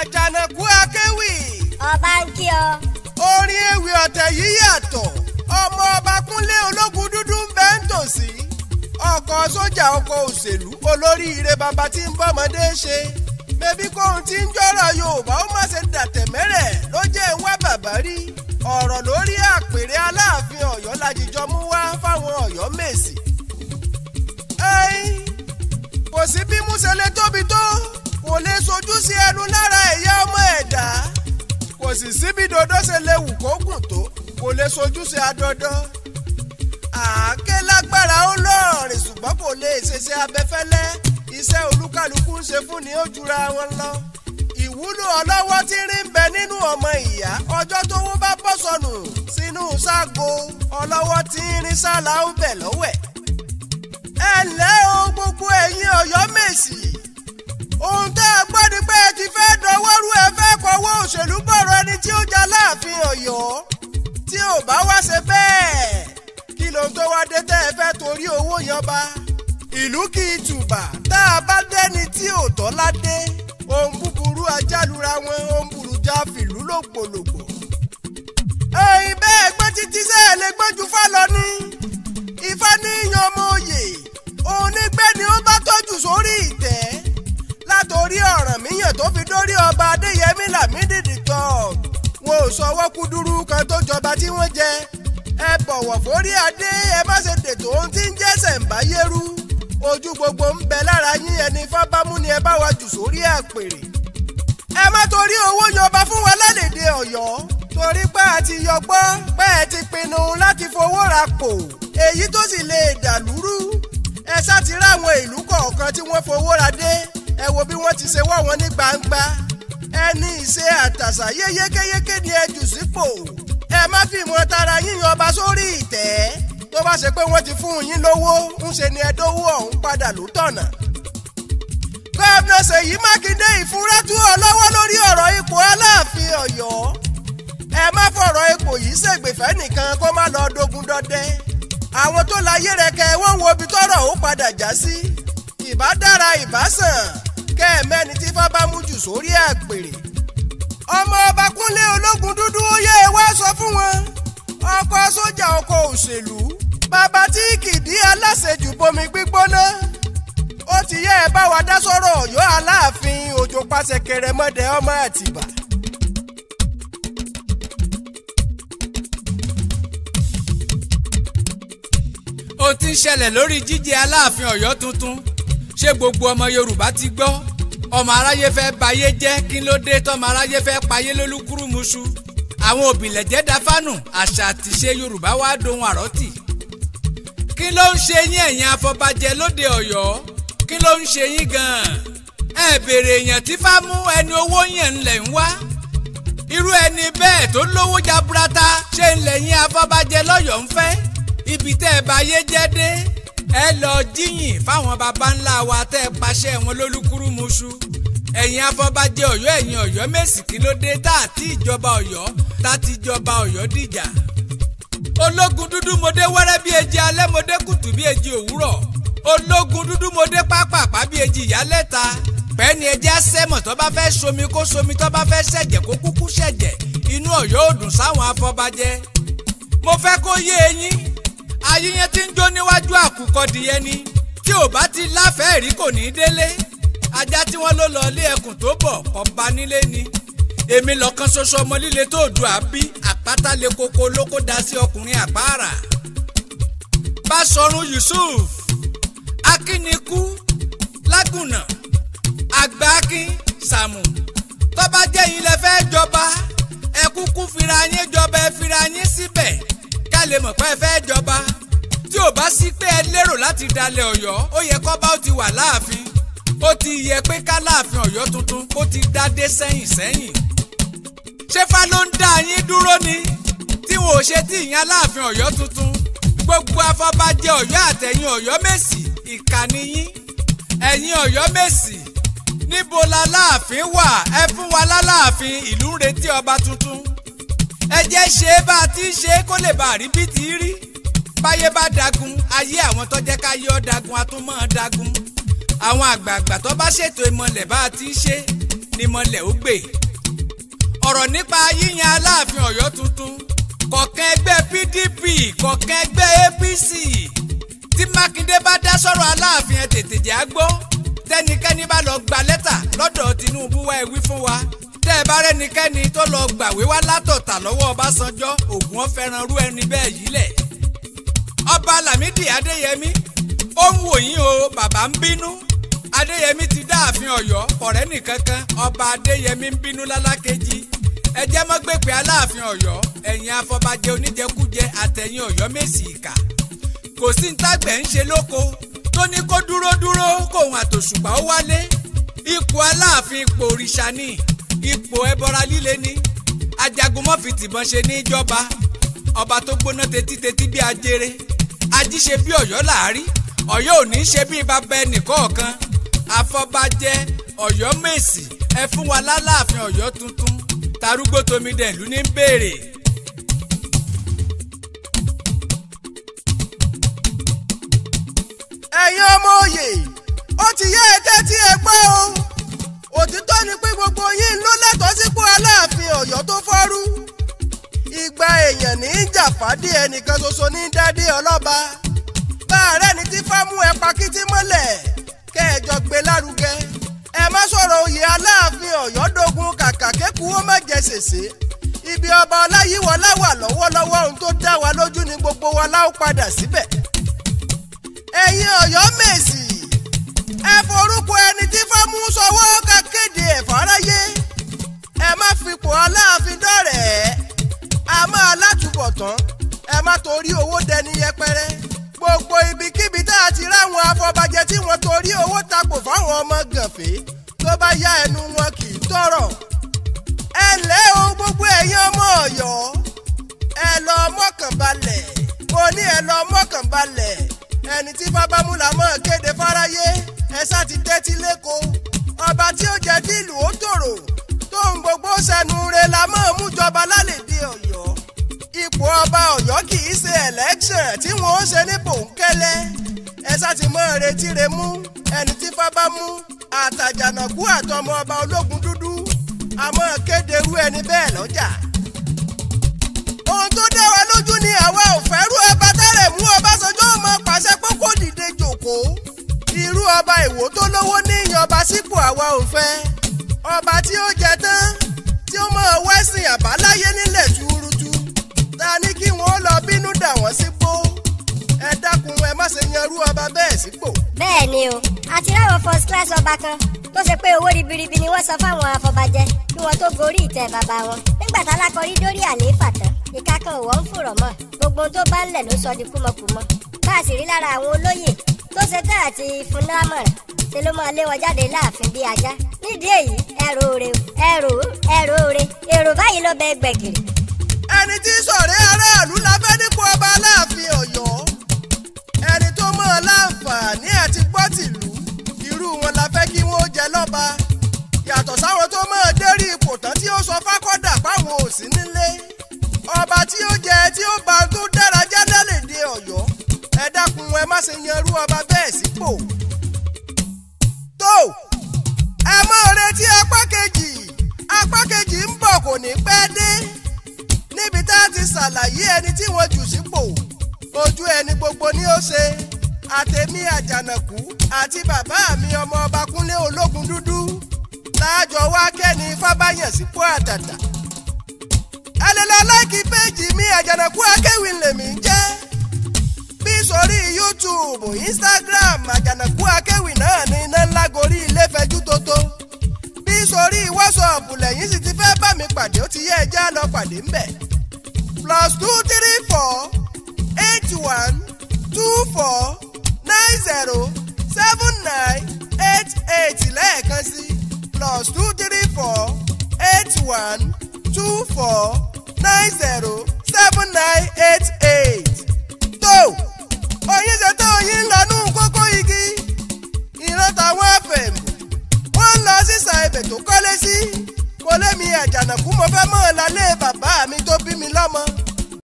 àjànàkú akéwì. ọba ń kí ọ. orin ewì ọ̀tẹ̀ yìí yàtọ̀ ọmọ ọba kúnlé ológun dúdú ń bẹ ń tòsí ọkọ̀ sójà ọkọ̀ òṣèlú olóríire bàbá tí ń bọ́mọdé ṣe bẹ́bí kóhun tí ń jọ́rọ̀ yorùbá ó má ṣe dàtẹ̀ mẹ́rẹ̀ ló jẹ́ ìwá bàbá rí ọ̀rọ̀ lórí àpèrè aláàfin ọ̀yọ́ lajìjọ mú wá fáwọn ọ̀yọ́ mèsì. ẹ̀yin kò sí bí múṣẹ́lẹ̀ kò lè sojú sí ẹnu lára ẹ̀yà ọmọ ẹ̀dá kò sì síbi dandan ṣe lè wù kó gùn tó kò lè sojú sí adandan àáké lágbára ó lọ́ọ̀rìn ṣùgbọ́n kò lè ṣeṣe abẹ́fẹ́lẹ́ iṣẹ́ olúkàlùkù ń ṣe fún ni ó jura wọn lọ ìwúlò ọlọ́wọ́ tí rí ń bẹ nínú ọmọ ìyá ọjọ́ tó wọ́n bá bọ́ sọnù sínú ságo ọlọ́wọ́ tí rí sálà ń bẹ̀ lọ́wẹ̀ ẹ ǹlẹ́ o gbogbo ẹ̀yin ọ̀yọ́mèsì ohun tẹ́ ẹ gbọ́ ni pé ẹ ti fẹ́ dọwọ́rú ẹ fẹ́ kọ́wọ́ òṣèlú bọ̀rọ̀ ẹni tí ó jà láàfin ọ̀yọ́ tí ò bá wá ṣe bẹ́ẹ̀ kí lóhun tó wá dé tẹ́ ẹ fẹ́ torí owó yanba ìlú kì í tùbà tá a bá dẹ́ni tí ò tọ́ ládé ohun búburú ajálura wọn ohun burújà fìlú lògbòlògbò. ẹ̀yin bẹ́ẹ̀ gbọ́ títí sẹ́ẹ̀ lè gbọ́jú fálọ ní ifá ní yan ọmọ òye òun nígbẹ́ni ó bá tọ́jú sórí ìtẹ́ látòrí ọ̀ràn míyàn tó fi dórí ọba adéyẹmí làmídìdì tọ̀ wọn ò sọwọ́ kúdúrú kan tó jọba tí wọ́n jẹ ẹ bọ̀wọ̀ fórí adé ẹ má ṣe dètò ohun tí ń jẹ́ sẹ̀ǹbáyérú ojú gbogbo ń bẹ lára yín ẹni fábámú ni ẹ bá wa jù sórí àpèrè ẹ má torí owó yọba fún wa lálẹ́dẹ ọ̀yọ́ torí pé a ti yọgbọ́n pé ẹ ti pinnu láti fowó ra kò èyí tó sì lè dàlúrú ẹ sá ti ráwọn ìlú kọ̀ọ̀kan tí wọ́n fowó ra dé ẹ wo bí wọ́n ti ṣe wọ́ wọn ní gbangba ẹni ìṣe àtàṣà yé yékéyéké ni ẹ jù sípò ẹ má fi ìmọ̀ tara yín ọba sórí ìtẹ́ tó bá ṣe pé wọ́n ti fún yín lówó ń ṣe ni ẹdówó ọ̀hún padà ló tọ̀nà. gómìnà Ṣèyí Mákindé ìfúnra tú ọ lọ́wọ́ lórí ọ̀rọ̀ ipò Aláàfin Ọ̀yọ́ ẹ má fọ̀rọ̀ ipò yìí ṣègbèfẹ́ nìkan kó má lọ dogun dọdẹ àwọn tó la yéreke wọ́n wo ibi tọ́rọ̀ ó padà já sí ìbá dára ìbá sàn kẹ́ẹ̀mẹ́ni tí fábá mú jù sórí àpèrè. ọmọ ọba kúnlé ológun dúdú ó yẹ wá sọ fún wọn ọkọ sójà ọkọ òṣèlú bàbá tí kìdí aláṣejù bomi gbígbóná ó ti yẹ ẹ bá wa dá sọ̀rọ̀ ọ̀yọ́ aláàfin òjò pàṣẹ kẹrẹmọdẹ ọmọ àtìbà. ohun tí ń ṣẹlẹ̀ lórí jíjẹ aláàfin ọ̀yọ́ tuntun ṣé gbogbo ọmọ yorùbá ti gbọ́ ọmọ aráyé fẹ́ bayé jẹ́ kí ló dé tọmọ aráyé fẹ́ payé lólúkúrúmuṣu àwọn òbílẹ̀jẹ́ da fánù àṣà àtìṣe yorùbá wá dohun àrọ́tì kí ló ń ṣe yín ẹ̀yin afọbajẹ lóde ọ̀yọ́ kí ló ń ṣe yín gan-an ẹ bèrè èèyàn tí fámú ẹni owó yẹn ńlẹ̀ ń wá irú ẹni bẹ́ẹ̀ tó lówó jaburata ṣé ńlẹ̀ yín afọbajẹ lọ́yọ̀ọ́ ń fẹ́ ibi tẹ́ ẹ bá jẹ́ dé ẹ lọ jíyìn fáwọn baba ńlá wa tẹ́ ẹ paṣẹ wọn lólúkúrúmuṣu ẹ̀yin afọbajẹ ọ̀yọ́ ẹ̀yin ọ̀yọ́ mèsì kí ló dé tá àti ìjọba ọ̀yọ́ tá ti jọba ọ̀yọ́ dìjà. ológun dúdú mo dé wẹ́rẹ́ bí eji alẹ́ mo dé kùtù bí eji òwúrọ̀ ológun dúdú mo dé pápápá bí eji ìyálẹ́ta pẹ́ẹ́ni ẹjẹ́ sẹ́mọ̀ tó bá fẹ́ somi kó somi tó bá fẹ́ ṣẹ̀jẹ̀ kó kúkú ṣẹ̀jẹ̀ inú ọ̀yọ́ ò dùn sáwọn afọbajẹ mo fẹ́ kó yé eyín ayé yẹn ti ń jó níwájú àkùkọ dìyẹ ni tí ò bá ti láfẹ̀ẹ́ rí kò ní délé ajá tí wọ́n ló lọ ilé ẹkùn tó bọ̀ kọ́ nílé ni èmi lọ́kàn ṣoṣo ọmọ líle tó dùn àbí àpáta lè koko lóko dá sí ọkùnrin àpáàrà Báṣọ̀run Yusuf akínikú lágùnà àgbà akin sàmù tọ́ba jẹ́ lẹ fẹ́ ti dalẹ̀ ọ̀yọ́ ó yẹ kọ́ba ó ti wà láàfin ó ti yẹ pé káláàfin ọ̀yọ́ tuntun kó ti dádé sẹ́yìn sẹ́yìn ṣéfà ló ń dá yín dúró ni tí wọn ò ṣe tí ìyẹn aláàfin ọ̀yọ́ tuntun gbogbo afọbajẹ ọ̀yọ́ àtẹ̀yìn ọ̀yọ́ mèsì ìkànnì yín ẹ̀yin ọ̀yọ́ mèsì níbo la láàfin wà ẹ fún wa láláàfin ìlú ń retí ọba tuntun ẹ jẹ́ ṣe é bá a ti ń ṣe é kó lè bàa rí bí ti rí báyé bá dagun ayé àwọn tó ká yọ dagun a dagun àwọn àgbààgbà tó bá ṣètò ìmọ̀lẹ̀ bá ti ń ṣe ni ìmọ̀lẹ̀ ó gbè ọ̀rọ̀ nípa yíyan aláàfin ọ̀yọ́ tuntun kọ̀ọ̀kan ẹgbẹ́ PDP kọ̀ọ̀kan ẹgbẹ́ APC tí Mákindé bá dá sọ̀rọ̀ aláàfin ẹ tètè jẹ́ á gbọ́ tẹ́nikẹ́ni bá lọ gba lẹ́tà lọ́dọ̀ Tinubu wá ewí fún wa tẹ́ ẹ bá rẹ́nikẹ́ni tó lọ gbàwé wá látọ̀tà lọ́wọ́ Ọbásanjọ́ ògùn ọ̀fẹ́ràn ẹni bẹ́ẹ̀ yìí lẹ̀ ọba Lámídì Adéyẹmí ó ń wò yín o bàbá ń bínú Adéyẹmí ti dáàfin Ọ̀yọ́ ọ̀rẹ́ nìkankan ọba Adéyẹmí ń bínú lálákejì ẹ jẹ́ mọ́ gbèpè Aláàfin Ọ̀yọ́ ẹ̀yin afọbajẹ oníjẹkújẹ àtẹ̀yìn Ọ̀yọ́ Mèsì ìkà kò sí ntàgbẹ̀ ń ṣe lóko tó ní kó dúró dúró kóun àtòṣùpá ó wálé ipò Aláàfin ipò òrìṣà ni ipò ẹbọra líle ni ajagun mọ́fìtìmọ́ ṣe níjọba ọba tó gbóná tetítetí bí ajere ajíṣe bí ọ̀yọ́ làárí ọ̀yọ́ ò ní ṣe bí bàbá ẹnìkọ̀ọ̀kan afọbajẹ ọ̀yọ́ mèsì ẹ fún wa lálàáfin ọ̀yọ́ tuntun tarúgbó tomidẹ̀lú ní béèrè. ẹ̀yin ọmọ òye ó ti yé ẹtẹ́ tí ẹ gbọ́ o òtítọ́ ni pé gbogbo yín ló lẹ́tọ̀ọ́ sípò aláàfin ọ̀yọ́ tó fọ́rú igba èèyàn ní í jà fàdí ẹnìkan ṣoṣo ní dádé ọlọ́ba bá ààrẹ ní tí fámú ẹ pakítí mọ́lẹ̀ kẹjọ gbé lárugẹ ẹ má sọ̀rọ̀ oyè aláàfin ọ̀yọ́dógún kàkà kéku ó má jẹ ṣèṣe ibi ọba ọláyíwọlá wà lọ́wọ́lọ́wọ́ ohun tó dá wa lójú ni gbogbo wa láó padà síbẹ̀ ẹ̀yin ọ̀yọ́ mèsì ẹ forúkọ ẹni tí fámú sọwọ́ ká ẹ̀fọ́ aráyé. ní yẹpẹrẹ gbogbo ibikíbi tá a ti ráwọn afọbajẹ tí wọ́n torí owó takò fáwọn ọmọ gànfẹ́ tó bá yá ẹnu wọn kì í tọrọ ẹ lẹ́ o gbogbo ẹ̀yin ọmọ ọ̀yọ́ ẹ lọ mọ́kànbalẹ̀ mo ní ẹ lọ mọ́kànbalẹ̀ ẹni tí fábámúlà mọ́ kéde fáráyé ẹ sá ti tẹ́tí lẹ́kọ̀ọ́ ọba tí ó jẹ́ kí ó tòrò tóun gbogbo sẹnu re la mọ́ mú jọba lálẹ́ dé ọ̀yọ́ ipò ọba ọ̀yọ́ kì í ṣe election tí wọ́n ó ṣe ní bòńkẹ́lẹ́ ẹ sá ti mọ retí re mú ẹni tí fábá mú àtàjànàkú àtọmọ ọba ológun dúdú àmọ́ kéde irú ẹni bẹ́ẹ̀ lọ́jà. ohun tó dá wa lójú ni àwa ò fẹ́rú ọba tẹ́lẹ̀ mú Ọbásanjọ́ ọmọ pàṣẹ kókó dìde jòkóó irú ọba Ìwó tó lówó ní ìyọba sípò àwa ò fẹ́ ọba tí ó jẹ tán tí ó mọ̀ wẹ́sìn àbáláyé nílẹ̀ tú dà wọ́n sígbó ẹ dákun ẹ má ṣe yanrú ọba bẹ́ẹ̀ sípò. bẹ́ẹ̀ ni o àti láwọn first class ọba kan tó ṣe pé owó ribiribi ni wọ́n san fáwọn afọbajẹ kí wọ́n tó gorí ìtẹ́ bàbá wọn nígbà tá alákọ̀rí dórí àlééfà tán ìka kan ò wọ́n ń fòrọ̀ mọ́ gbogbo tó bá ń lẹ̀ ló sọ di kúmọkùmọ bá a sì rí lára àwọn olóyè tó ṣe tẹ́ àti ìfúnnámọ̀ràn ṣe ló máa lé wọn jáde láàfin bíi ajá nídìí èyí ẹrù òre ẹrù ẹrù òre èrò báyìí ló bẹ gbẹ̀gìrì ẹni tí sọ̀rẹ́ aráàlú la fẹ́ dípò ọba aláàfin ọ̀yọ́ ẹni tó mọ̀ láǹfààní àti gbọ́ tìlú irú wọn la fẹ́ kí wọ́n jẹ lọ́ba yàtọ̀ sáwọn tó mọ̀ dérí ipò tán tí ó sọ fákọ́dà páwọn ò sí nílé ọba tí ó jẹ tí ó bá tó dára jẹ́ ẹni tí wọ́n jù sípò ojú ẹni gbogbo ni ó ṣe àtẹ̀mí àjànàkú àti bàbá mi ọmọ ọba kúnlé ológun dúdú láàjọ wá kẹ́ni fábáyàn sípò àdàdà. ẹ láìkí péjì mi àjànàkú akéwì lèmi jẹ́ bí sórí YouTube Instagram àjànàkú akéwì náà ní iná ńlá gorí ilé fẹjú tótó bí sórí WhatsApp lẹ́yìn sì ti fẹ́ bá mi pàdé ó ti yẹ ẹja lọ pàdé ńbẹ̀ plus two three four eight one two four nine zero seven nine eight eight lẹ́ẹ̀kan sí plus two three four eight one two four nine zero seven nine eight eight tó oyin ṣe tó oyin ń lanú kókó igi ìran tàwọn fm wọ́n ń lọ sísan ibẹ̀ tó kọ́lé sí kò lémi àjànàkú mo fẹ́ mọ̀ ọ́ lálé bàbá mi tó bí mi lọ́mọ.